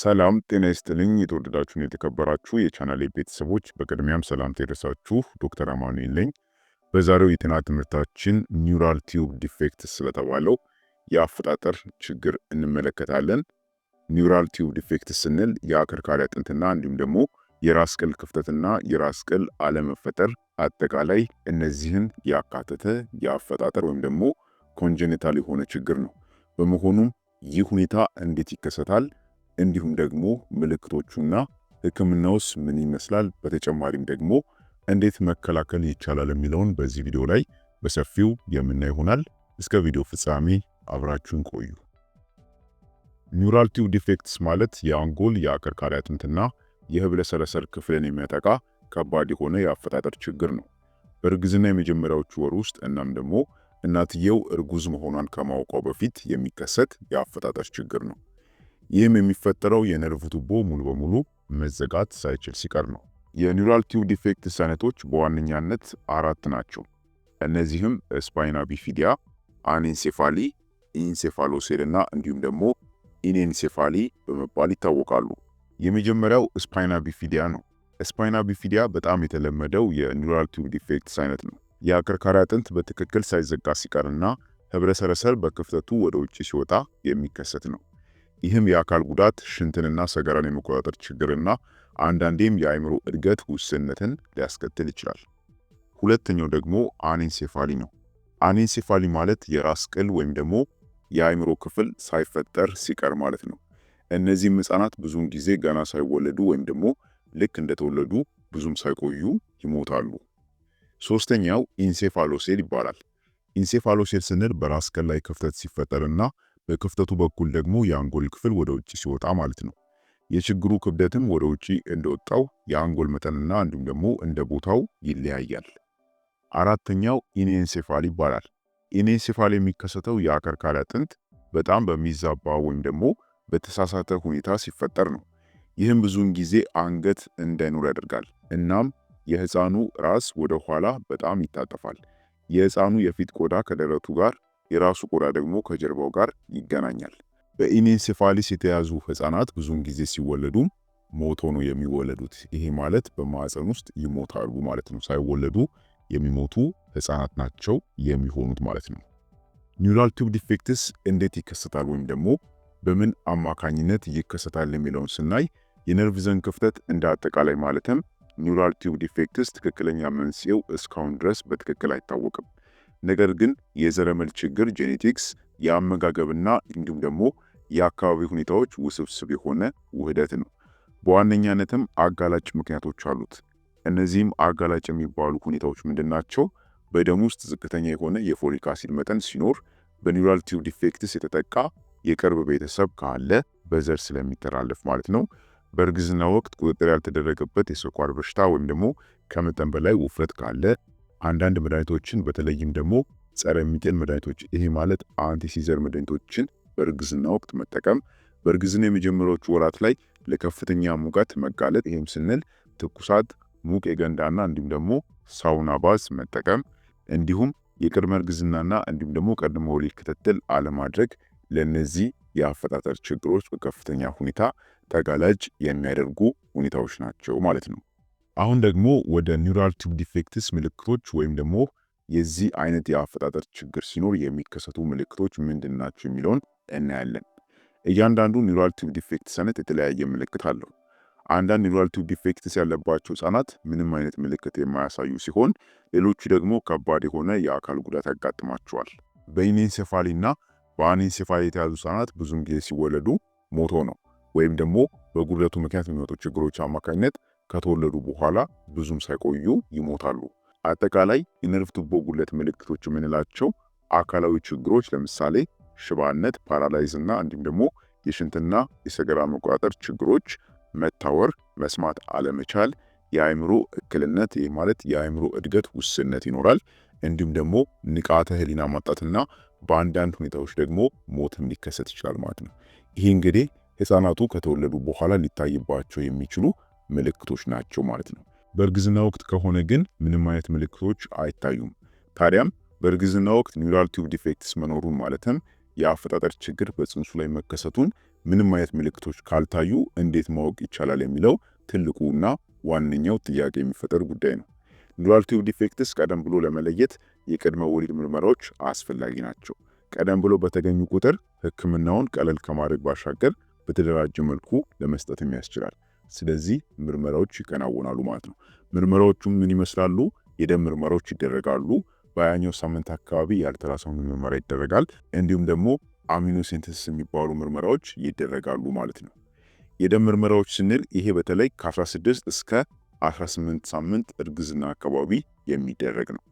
ሰላም ጤና ይስጥልኝ። የተወደዳችሁን የተከበራችሁ የቻናል ቤተሰቦች በቅድሚያም ሰላምታ የደረሳችሁ ዶክተር አማኑኤል ነኝ። በዛሬው የጤና ትምህርታችን ኒውራል ቲዩብ ዲፌክት ስለተባለው የአፈጣጠር ችግር እንመለከታለን። ኒውራል ቲዩብ ዲፌክት ስንል የአከርካሪ አጥንትና እንዲሁም ደግሞ የራስ ቅል ክፍተትና የራስ ቅል አለመፈጠር አጠቃላይ እነዚህን ያካተተ የአፈጣጠር ወይም ደግሞ ኮንጀኔታል የሆነ ችግር ነው። በመሆኑም ይህ ሁኔታ እንዴት ይከሰታል? እንዲሁም ደግሞ ምልክቶቹና ህክምናውስ ምን ይመስላል፣ በተጨማሪም ደግሞ እንዴት መከላከል ይቻላል የሚለውን በዚህ ቪዲዮ ላይ በሰፊው የምና ይሆናል። እስከ ቪዲዮ ፍጻሜ አብራችሁን ቆዩ። ኒውራል ቲዩብ ዲፌክትስ ማለት የአንጎል የአከርካሪ አጥንትና የህብለሰረሰር ክፍልን የሚያጠቃ ከባድ የሆነ የአፈጣጠር ችግር ነው። በእርግዝና የመጀመሪያዎቹ ወር ውስጥ እናም ደግሞ እናትየው እርጉዝ መሆኗን ከማወቋ በፊት የሚከሰት የአፈጣጠር ችግር ነው። ይህም የሚፈጠረው የነርቭ ቱቦ ሙሉ በሙሉ መዘጋት ሳይችል ሲቀር ነው። የኒውራል ቲዩብ ዲፌክት ሰነቶች በዋነኛነት አራት ናቸው። እነዚህም ስፓይና ቢፊዲያ፣ አንኤንሴፋሊ፣ ኢንሴፋሎሴል እና እንዲሁም ደግሞ ኢኔንሴፋሊ በመባል ይታወቃሉ። የመጀመሪያው ስፓይና ቢፊዲያ ነው። ስፓይና ቢፊዲያ በጣም የተለመደው የኒውራል ቲዩብ ዲፌክትስ አይነት ነው። የአከርካሪ አጥንት በትክክል ሳይዘጋ ሲቀርና ህብረ ሰረሰር በክፍተቱ ወደ ውጭ ሲወጣ የሚከሰት ነው። ይህም የአካል ጉዳት ሽንትንና ሰገራን የመቆጣጠር ችግርና አንዳንዴም የአእምሮ እድገት ውስንነትን ሊያስከትል ይችላል። ሁለተኛው ደግሞ አኔንሴፋሊ ነው። አኔንሴፋሊ ማለት የራስ ቅል ወይም ደግሞ የአእምሮ ክፍል ሳይፈጠር ሲቀር ማለት ነው። እነዚህም ህጻናት ብዙውን ጊዜ ገና ሳይወለዱ ወይም ደግሞ ልክ እንደተወለዱ ብዙም ሳይቆዩ ይሞታሉ። ሶስተኛው ኢንሴፋሎሴል ይባላል። ኢንሴፋሎሴል ስንል በራስ ቅል ላይ ክፍተት ሲፈጠርና በክፍተቱ በኩል ደግሞ የአንጎል ክፍል ወደ ውጭ ሲወጣ ማለት ነው። የችግሩ ክብደትም ወደ ውጭ እንደወጣው የአንጎል መጠንና እንዲሁም ደግሞ እንደ ቦታው ይለያያል። አራተኛው ኢኔንሴፋል ይባላል። ኢኔንሴፋል የሚከሰተው የአከርካሪ አጥንት በጣም በሚዛባ ወይም ደግሞ በተሳሳተ ሁኔታ ሲፈጠር ነው። ይህም ብዙውን ጊዜ አንገት እንዳይኖር ያደርጋል። እናም የህፃኑ ራስ ወደ ኋላ በጣም ይታጠፋል። የህፃኑ የፊት ቆዳ ከደረቱ ጋር የራሱ ቆዳ ደግሞ ከጀርባው ጋር ይገናኛል። በኢኔንሴፋሊስ የተያዙ ህፃናት ብዙውን ጊዜ ሲወለዱ ሞቶ ነው የሚወለዱት። ይሄ ማለት በማዕፀን ውስጥ ይሞታሉ ማለት ነው። ሳይወለዱ የሚሞቱ ህፃናት ናቸው የሚሆኑት ማለት ነው። ኒውራል ቱብ ዲፌክትስ እንዴት ይከሰታል ወይም ደግሞ በምን አማካኝነት ይከሰታል የሚለውን ስናይ የነርቭ ዘን ክፍተት እንደ አጠቃላይ ማለትም ኒውራል ቱብ ዲፌክትስ ትክክለኛ መንስኤው እስካሁን ድረስ በትክክል አይታወቅም። ነገር ግን የዘረመል ችግር ጄኔቲክስ የአመጋገብና እንዲሁም ደግሞ የአካባቢ ሁኔታዎች ውስብስብ የሆነ ውህደት ነው። በዋነኛነትም አጋላጭ ምክንያቶች አሉት። እነዚህም አጋላጭ የሚባሉ ሁኔታዎች ምንድን ናቸው? በደም ውስጥ ዝቅተኛ የሆነ የፎሊክ አሲድ መጠን ሲኖር፣ በኒውራል ቲዩብ ዲፌክትስ የተጠቃ የቅርብ ቤተሰብ ካለ በዘር ስለሚተላለፍ ማለት ነው። በእርግዝና ወቅት ቁጥጥር ያልተደረገበት የስኳር በሽታ ወይም ደግሞ ከመጠን በላይ ውፍረት ካለ አንዳንድ መድኃኒቶችን በተለይም ደግሞ ጸረ ሚጥል መድኃኒቶች ይሄ ማለት አንቲሲዘር መድኃኒቶችን በእርግዝና ወቅት መጠቀም በእርግዝና የመጀመሪያዎቹ ወራት ላይ ለከፍተኛ ሙቀት መጋለጥ ይህም ስንል ትኩሳት፣ ሙቅ የገንዳና እንዲሁም ደግሞ ሳውና ባዝ መጠቀም እንዲሁም የቅድመ እርግዝናና እንዲሁም ደግሞ ቀድሞ ወሊድ ክትትል አለማድረግ ለእነዚህ የአፈጣጠር ችግሮች በከፍተኛ ሁኔታ ተጋላጭ የሚያደርጉ ሁኔታዎች ናቸው ማለት ነው። አሁን ደግሞ ወደ ኒውራል ቱብ ዲፌክትስ ምልክቶች ወይም ደግሞ የዚህ አይነት የአፈጣጠር ችግር ሲኖር የሚከሰቱ ምልክቶች ምንድን ናቸው የሚለውን እናያለን። እያንዳንዱ ኒውራል ቱብ ዲፌክትስ አይነት የተለያየ ምልክት አለው። አንዳንድ ኒውራል ቱብ ዲፌክትስ ያለባቸው ህጻናት ምንም አይነት ምልክት የማያሳዩ ሲሆን፣ ሌሎቹ ደግሞ ከባድ የሆነ የአካል ጉዳት ያጋጥማቸዋል። በኢኔንሴፋሊ እና በአኔንሴፋሊ የተያዙ ህጻናት ብዙን ጊዜ ሲወለዱ ሞቶ ነው ወይም ደግሞ በጉልበቱ ምክንያት የሚመጡ ችግሮች አማካኝነት ከተወለዱ በኋላ ብዙም ሳይቆዩ ይሞታሉ። አጠቃላይ የነርቭ ቱቦ ጉለት ምልክቶች የምንላቸው አካላዊ ችግሮች ለምሳሌ ሽባነት፣ ፓራላይዝ እና እንዲሁም ደግሞ የሽንትና የሰገራ መቆጣጠር ችግሮች፣ መታወር፣ መስማት አለመቻል፣ የአእምሮ እክልነት ይህ ማለት የአእምሮ እድገት ውስንነት ይኖራል። እንዲሁም ደግሞ ንቃተ ህሊና ማጣትና በአንዳንድ ሁኔታዎች ደግሞ ሞትም ሊከሰት ይችላል ማለት ነው። ይህ እንግዲህ ህፃናቱ ከተወለዱ በኋላ ሊታይባቸው የሚችሉ ምልክቶች ናቸው ማለት ነው። በእርግዝና ወቅት ከሆነ ግን ምንም አይነት ምልክቶች አይታዩም። ታዲያም በእርግዝና ወቅት ኒውራል ቲዩብ ዲፌክትስ መኖሩን ማለትም የአፈጣጠር ችግር በጽንሱ ላይ መከሰቱን ምንም አይነት ምልክቶች ካልታዩ እንዴት ማወቅ ይቻላል የሚለው ትልቁና ዋነኛው ጥያቄ የሚፈጠር ጉዳይ ነው። ኒውራል ቲዩብ ዲፌክትስ ቀደም ብሎ ለመለየት የቅድመ ወሊድ ምርመራዎች አስፈላጊ ናቸው። ቀደም ብሎ በተገኙ ቁጥር ሕክምናውን ቀለል ከማድረግ ባሻገር በተደራጀ መልኩ ለመስጠትም ያስችላል። ስለዚህ ምርመራዎች ይከናወናሉ ማለት ነው። ምርመራዎቹ ምን ይመስላሉ? የደም ምርመራዎች ይደረጋሉ። በሀያኛው ሳምንት አካባቢ የአልትራሳውንድ ምርመራ ይደረጋል። እንዲሁም ደግሞ አሚኖሴንተሲስ የሚባሉ ምርመራዎች ይደረጋሉ ማለት ነው። የደም ምርመራዎች ስንል ይሄ በተለይ ከ16 እስከ 18 ሳምንት እርግዝና አካባቢ የሚደረግ ነው።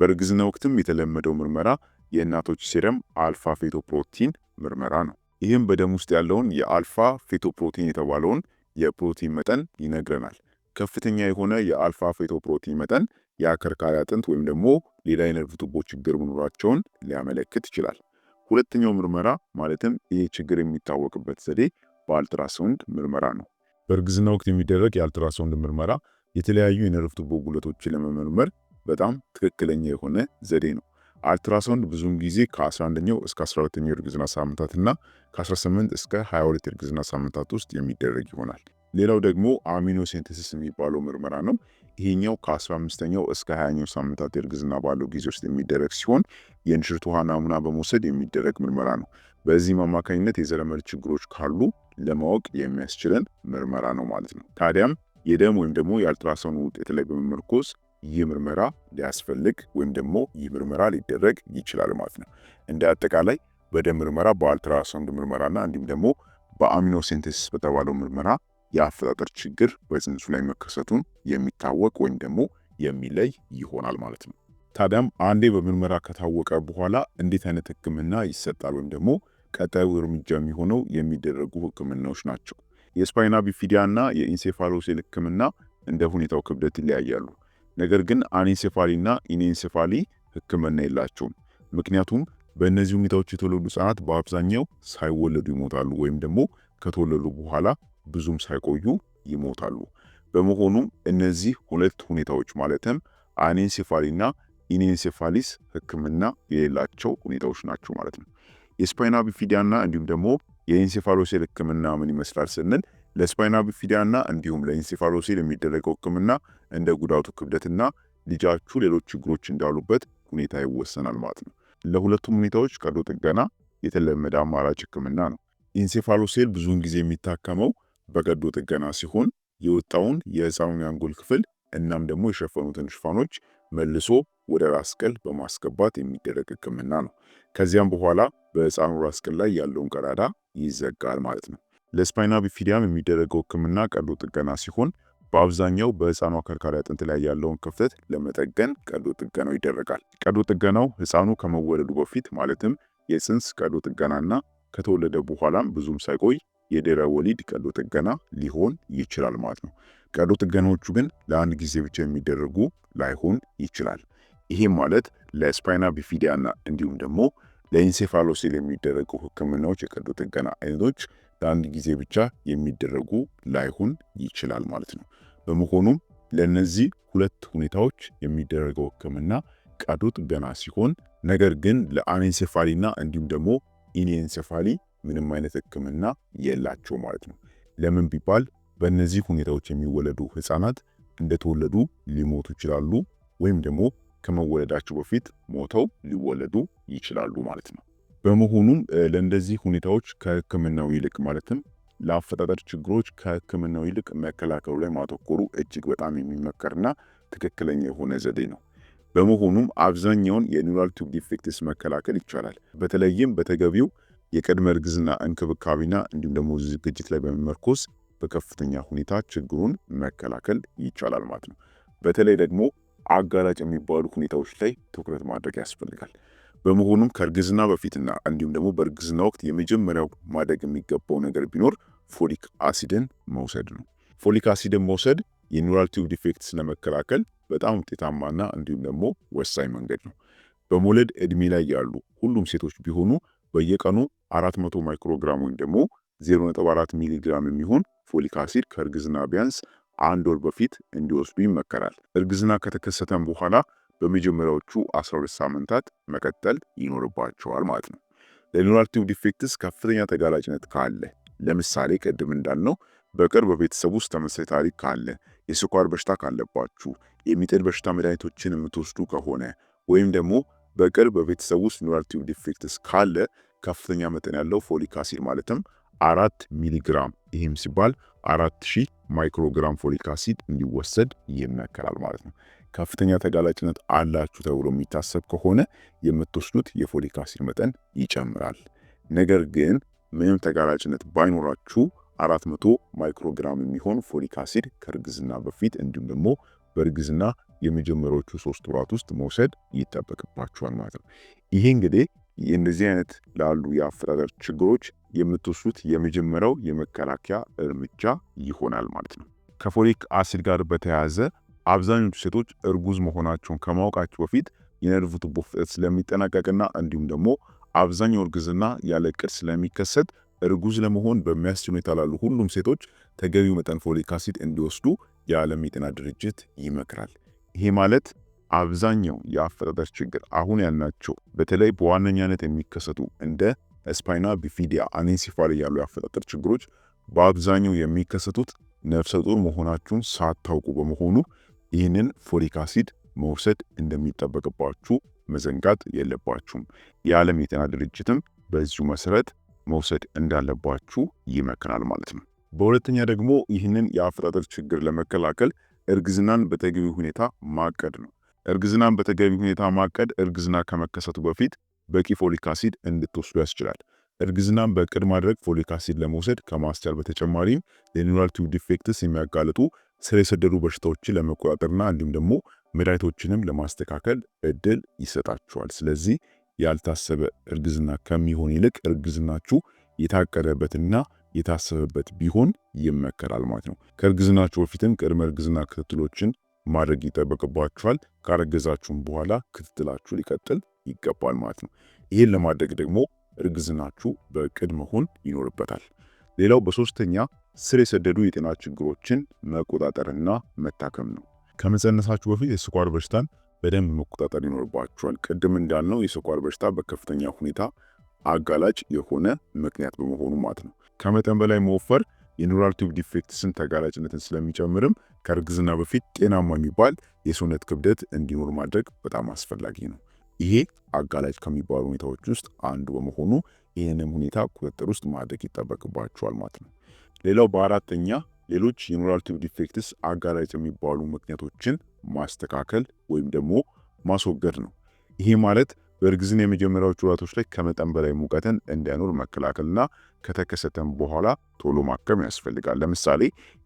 በእርግዝና ወቅትም የተለመደው ምርመራ የእናቶች ሴረም አልፋ ፌቶ ፕሮቲን ምርመራ ነው። ይህም በደም ውስጥ ያለውን የአልፋ ፌቶፕሮቲን የተባለውን የፕሮቲን መጠን ይነግረናል። ከፍተኛ የሆነ የአልፋ ፕሮቲን መጠን የአከርካሪ አጥንት ወይም ደግሞ ሌላ የነርቭ ቱቦ ችግር መኖራቸውን ሊያመለክት ይችላል። ሁለተኛው ምርመራ ማለትም ይህ ችግር የሚታወቅበት ዘዴ በአልትራሳውንድ ምርመራ ነው። በእርግዝና ወቅት የሚደረግ የአልትራሳውንድ ምርመራ የተለያዩ የነርቭ ቱቦ ጉለቶችን ለመመርመር በጣም ትክክለኛ የሆነ ዘዴ ነው። አልትራሳውንድ ብዙውን ጊዜ ከ11ኛው እስከ 12ኛው እርግዝና ሳምንታት እና ከ18 እስከ 22 እርግዝና ሳምንታት ውስጥ የሚደረግ ይሆናል። ሌላው ደግሞ አሚኖሴንተሲስ የሚባለው ምርመራ ነው። ይሄኛው ከ15ኛው እስከ 20ኛው ሳምንታት እርግዝና ባለው ጊዜ ውስጥ የሚደረግ ሲሆን የእንሽርት ውሃ ናሙና በመውሰድ የሚደረግ ምርመራ ነው። በዚህም አማካኝነት የዘረመል ችግሮች ካሉ ለማወቅ የሚያስችለን ምርመራ ነው ማለት ነው። ታዲያም የደም ወይም ደግሞ የአልትራሳውንድ ውጤት ላይ በመመርኮዝ ይህ ምርመራ ሊያስፈልግ ወይም ደግሞ ይህ ምርመራ ሊደረግ ይችላል ማለት ነው። እንደ አጠቃላይ በደም ምርመራ፣ በአልትራሳውንድ ምርመራና እንዲሁም ደግሞ በአሚኖ በተባለው ምርመራ የአፈጣጠር ችግር በፅንሱ ላይ መከሰቱን የሚታወቅ ወይም ደግሞ የሚለይ ይሆናል ማለት ነው። ታዲያም አንዴ በምርመራ ከታወቀ በኋላ እንዴት አይነት ህክምና ይሰጣል ወይም ደግሞ ቀጣዩ እርምጃ የሚሆነው የሚደረጉ ህክምናዎች ናቸው። የስፓይና ቢፊዲያ እና የኢንሴፋሎሴል ህክምና እንደ ሁኔታው ክብደት ይለያያሉ። ነገር ግን አኔንሴፋሊና ኢኔንሴፋሊ ህክምና የላቸውም። ምክንያቱም በእነዚህ ሁኔታዎች የተወለዱ ህጻናት በአብዛኛው ሳይወለዱ ይሞታሉ ወይም ደግሞ ከተወለዱ በኋላ ብዙም ሳይቆዩ ይሞታሉ። በመሆኑም እነዚህ ሁለት ሁኔታዎች ማለትም አኒንሴፋሊና ኢኔንሴፋሊስ ህክምና የሌላቸው ሁኔታዎች ናቸው ማለት ነው። የስፓይና ቢፊዲያና እንዲሁም ደግሞ የኢንሴፋሎሴል ህክምና ምን ይመስላል ስንል ለስፓይና ብፊዲያና እንዲሁም ለኢንሴፋሎሴል የሚደረገው ህክምና እንደ ጉዳቱ ክብደትና ልጃችሁ ሌሎች ችግሮች እንዳሉበት ሁኔታ ይወሰናል ማለት ነው። ለሁለቱም ሁኔታዎች ቀዶ ጥገና የተለመደ አማራጭ ህክምና ነው። ኢንሴፋሎሴል ብዙውን ጊዜ የሚታከመው በቀዶ ጥገና ሲሆን የወጣውን የህፃኑን የአንጎል ክፍል እናም ደግሞ የሸፈኑትን ሽፋኖች መልሶ ወደ ራስ ቅል በማስገባት የሚደረግ ህክምና ነው። ከዚያም በኋላ በህፃኑ ራስ ቅል ላይ ያለውን ቀዳዳ ይዘጋል ማለት ነው። ለስፓይና ቢፊዲያም የሚደረገው ህክምና ቀዶ ጥገና ሲሆን በአብዛኛው በህፃኑ አከርካሪ አጥንት ላይ ያለውን ክፍተት ለመጠገን ቀዶ ጥገናው ይደረጋል። ቀዶ ጥገናው ህፃኑ ከመወለዱ በፊት ማለትም የፅንስ ቀዶ ጥገናና ከተወለደ በኋላም ብዙም ሳይቆይ የድህረ ወሊድ ቀዶ ጥገና ሊሆን ይችላል ማለት ነው። ቀዶ ጥገናዎቹ ግን ለአንድ ጊዜ ብቻ የሚደረጉ ላይሆን ይችላል። ይሄም ማለት ለስፓይና ቢፊዲያና እንዲሁም ደግሞ ለኢንሴፋሎሴል የሚደረጉ ህክምናዎች የቀዶ ጥገና አይነቶች ለአንድ ጊዜ ብቻ የሚደረጉ ላይሆን ይችላል ማለት ነው። በመሆኑም ለእነዚህ ሁለት ሁኔታዎች የሚደረገው ህክምና ቀዶ ጥገና ሲሆን ነገር ግን ለአኔንሴፋሊና እንዲሁም ደግሞ ኢኔንሴፋሊ ምንም አይነት ህክምና የላቸው ማለት ነው። ለምን ቢባል በእነዚህ ሁኔታዎች የሚወለዱ ህፃናት እንደተወለዱ ሊሞቱ ይችላሉ ወይም ደግሞ ከመወለዳቸው በፊት ሞተው ሊወለዱ ይችላሉ ማለት ነው። በመሆኑም ለእንደዚህ ሁኔታዎች ከህክምናው ይልቅ ማለትም ለአፈጣጠር ችግሮች ከህክምናው ይልቅ መከላከሉ ላይ ማተኮሩ እጅግ በጣም የሚመከርና ትክክለኛ የሆነ ዘዴ ነው። በመሆኑም አብዛኛውን የኒውራል ቱብ ዲፌክትስ መከላከል ይቻላል። በተለይም በተገቢው የቅድመ እርግዝና እንክብካቤና እንዲሁም ደግሞ ዝግጅት ላይ በመመርኮስ በከፍተኛ ሁኔታ ችግሩን መከላከል ይቻላል ማለት ነው። በተለይ ደግሞ አጋላጭ የሚባሉ ሁኔታዎች ላይ ትኩረት ማድረግ ያስፈልጋል። በመሆኑም ከእርግዝና በፊትና እንዲሁም ደግሞ በእርግዝና ወቅት የመጀመሪያው ማደግ የሚገባው ነገር ቢኖር ፎሊክ አሲድን መውሰድ ነው። ፎሊክ አሲድን መውሰድ የኒውራል ቲዩብ ዲፌክትስ ለመከላከል በጣም ውጤታማና እንዲሁም ደግሞ ወሳኝ መንገድ ነው። በመውለድ እድሜ ላይ ያሉ ሁሉም ሴቶች ቢሆኑ በየቀኑ 400 ማይክሮግራም ወይም ደግሞ 0.4 ሚሊግራም የሚሆን ፎሊክ አሲድ ከእርግዝና ቢያንስ አንድ ወር በፊት እንዲወስዱ ይመከራል። እርግዝና ከተከሰተም በኋላ በመጀመሪያዎቹ 12 ሳምንታት መቀጠል ይኖርባቸዋል ማለት ነው። ለኒውራል ቲዩብ ዲፌክትስ ከፍተኛ ተጋላጭነት ካለ ለምሳሌ ቅድም እንዳልነው በቅርብ በቤተሰብ ውስጥ ተመሳሳይ ታሪክ ካለ፣ የስኳር በሽታ ካለባችሁ፣ የሚጥል በሽታ መድኃኒቶችን የምትወስዱ ከሆነ ወይም ደግሞ በቅርብ በቤተሰብ ውስጥ ኒውራል ቲዩብ ዲፌክትስ ካለ ከፍተኛ መጠን ያለው ፎሊክ አሲድ ማለትም አራት ሚሊግራም ይህም ሲባል አራት ሺህ ማይክሮግራም ፎሊክ አሲድ እንዲወሰድ ይመከራል ማለት ነው። ከፍተኛ ተጋላጭነት አላችሁ ተብሎ የሚታሰብ ከሆነ የምትወስዱት የፎሊክ አሲድ መጠን ይጨምራል። ነገር ግን ምንም ተጋላጭነት ባይኖራችሁ 400 ማይክሮግራም የሚሆን ፎሊክ አሲድ ከእርግዝና በፊት እንዲሁም ደግሞ በእርግዝና የመጀመሪያዎቹ ሶስት ወራት ውስጥ መውሰድ ይጠበቅባችኋል ማለት ነው። ይሄ እንግዲህ እንደዚህ አይነት ላሉ የአፈጣጠር ችግሮች የምትወስዱት የመጀመሪያው የመከላከያ እርምጃ ይሆናል ማለት ነው። ከፎሊክ አሲድ ጋር በተያያዘ አብዛኞቹ ሴቶች እርጉዝ መሆናቸውን ከማወቃቸው በፊት የነርቭ ቱቦ ፍጥነት ስለሚጠናቀቅና እንዲሁም ደግሞ አብዛኛው እርግዝና ያለ ቅድ ስለሚከሰት እርጉዝ ለመሆን በሚያስችል ሁኔታ ላሉ ሁሉም ሴቶች ተገቢው መጠን ፎሊክ አሲድ እንዲወስዱ የዓለም የጤና ድርጅት ይመክራል። ይሄ ማለት አብዛኛው የአፈጣጠር ችግር አሁን ያልናቸው በተለይ በዋነኛነት የሚከሰቱ እንደ ስፓይና ቢፊዲያ፣ አኔንሲፋል ያሉ የአፈጣጠር ችግሮች በአብዛኛው የሚከሰቱት ነፍሰ ጡር መሆናችሁን ሳታውቁ በመሆኑ ይህንን ፎሊክ አሲድ መውሰድ እንደሚጠበቅባችሁ መዘንጋት የለባችሁም። የዓለም የጤና ድርጅትም በዚሁ መሰረት መውሰድ እንዳለባችሁ ይመክናል ማለት ነው። በሁለተኛ ደግሞ ይህንን የአፈጣጠር ችግር ለመከላከል እርግዝናን በተገቢ ሁኔታ ማቀድ ነው። እርግዝናን በተገቢ ሁኔታ ማቀድ እርግዝና ከመከሰቱ በፊት በቂ ፎሊክ አሲድ እንድትወስዱ ያስችላል። እርግዝናን በቅድ ማድረግ ፎሊክ አሲድ ለመውሰድ ከማስቻል በተጨማሪም ለኒውራል ቲዩብ ዲፌክትስ የሚያጋልጡ ስር የሰደዱ በሽታዎችን ለመቆጣጠርና እንዲሁም ደግሞ መድኃኒቶችንም ለማስተካከል እድል ይሰጣችኋል። ስለዚህ ያልታሰበ እርግዝና ከሚሆን ይልቅ እርግዝናችሁ የታቀደበትና የታሰበበት ቢሆን ይመከራል ማለት ነው። ከእርግዝናችሁ በፊትም ቅድመ እርግዝና ክትትሎችን ማድረግ ይጠበቅባችኋል። ካረገዛችሁም በኋላ ክትትላችሁ ሊቀጥል ይገባል ማለት ነው። ይህን ለማድረግ ደግሞ እርግዝናችሁ በእቅድ መሆን ይኖርበታል። ሌላው በሶስተኛ ስር የሰደዱ የጤና ችግሮችን መቆጣጠርና መታከም ነው። ከመጸነሳችሁ በፊት የስኳር በሽታን በደንብ መቆጣጠር ይኖርባችኋል። ቅድም እንዳልነው የስኳር በሽታ በከፍተኛ ሁኔታ አጋላጭ የሆነ ምክንያት በመሆኑ ማለት ነው። ከመጠን በላይ መወፈር የኒውራል ቱብ ዲፌክትስን ተጋላጭነትን ስለሚጨምርም ከእርግዝና በፊት ጤናማ የሚባል የሰውነት ክብደት እንዲኖር ማድረግ በጣም አስፈላጊ ነው። ይሄ አጋላጭ ከሚባሉ ሁኔታዎች ውስጥ አንዱ በመሆኑ ይህንም ሁኔታ ቁጥጥር ውስጥ ማድረግ ይጠበቅባቸዋል ማለት ነው። ሌላው በአራተኛ ሌሎች ቲብ ዲፌክትስ አጋላጭ የሚባሉ ምክንያቶችን ማስተካከል ወይም ደግሞ ማስወገድ ነው። ይሄ ማለት በእርግዝና የመጀመሪያዎቹ ወራቶች ላይ ከመጠን በላይ ሙቀትን እንዳይኖር መከላከልና ከተከሰተም በኋላ ቶሎ ማከም ያስፈልጋል። ለምሳሌ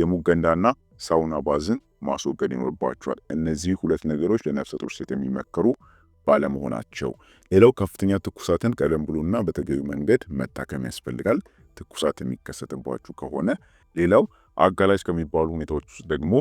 የሙቅ ገንዳና ሳውና ባዝን ማስወገድ ይኖርባቸዋል። እነዚህ ሁለት ነገሮች ለነፍሰ ጡር ሴት የሚመከሩ ባለመሆናቸው። ሌላው ከፍተኛ ትኩሳትን ቀደም ብሎና በተገቢ መንገድ መታከም ያስፈልጋል፣ ትኩሳት የሚከሰትባችሁ ከሆነ። ሌላው አጋላጭ ከሚባሉ ሁኔታዎች ውስጥ ደግሞ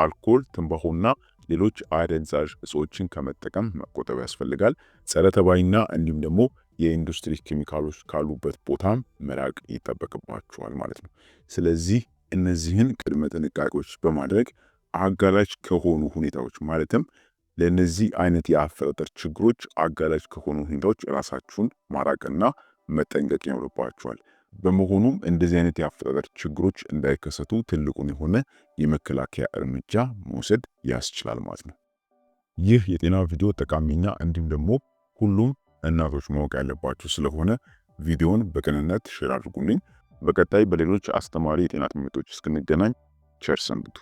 አልኮል፣ ትንባሆና ሌሎች አደንዛዥ እጾችን ከመጠቀም መቆጠብ ያስፈልጋል። ጸረ ተባይና እንዲሁም ደግሞ የኢንዱስትሪ ኬሚካሎች ካሉበት ቦታም መራቅ ይጠበቅባቸዋል ማለት ነው። ስለዚህ እነዚህን ቅድመ ጥንቃቄዎች በማድረግ አጋላጭ ከሆኑ ሁኔታዎች ማለትም ለእነዚህ አይነት የአፈጣጠር ችግሮች አጋላጭ ከሆኑ ሁኔታዎች ራሳችሁን ማራቅና መጠንቀቅ ይኖርባችኋል። በመሆኑም እንደዚህ አይነት የአፈጣጠር ችግሮች እንዳይከሰቱ ትልቁን የሆነ የመከላከያ እርምጃ መውሰድ ያስችላል ማለት ነው። ይህ የጤና ቪዲዮ ጠቃሚና እንዲሁም ደግሞ ሁሉም እናቶች ማወቅ ያለባቸው ስለሆነ ቪዲዮውን በቅንነት ሼር አድርጉልኝ። በቀጣይ በሌሎች አስተማሪ የጤና ትምህርቶች እስክንገናኝ ቸር ሰንብቱ።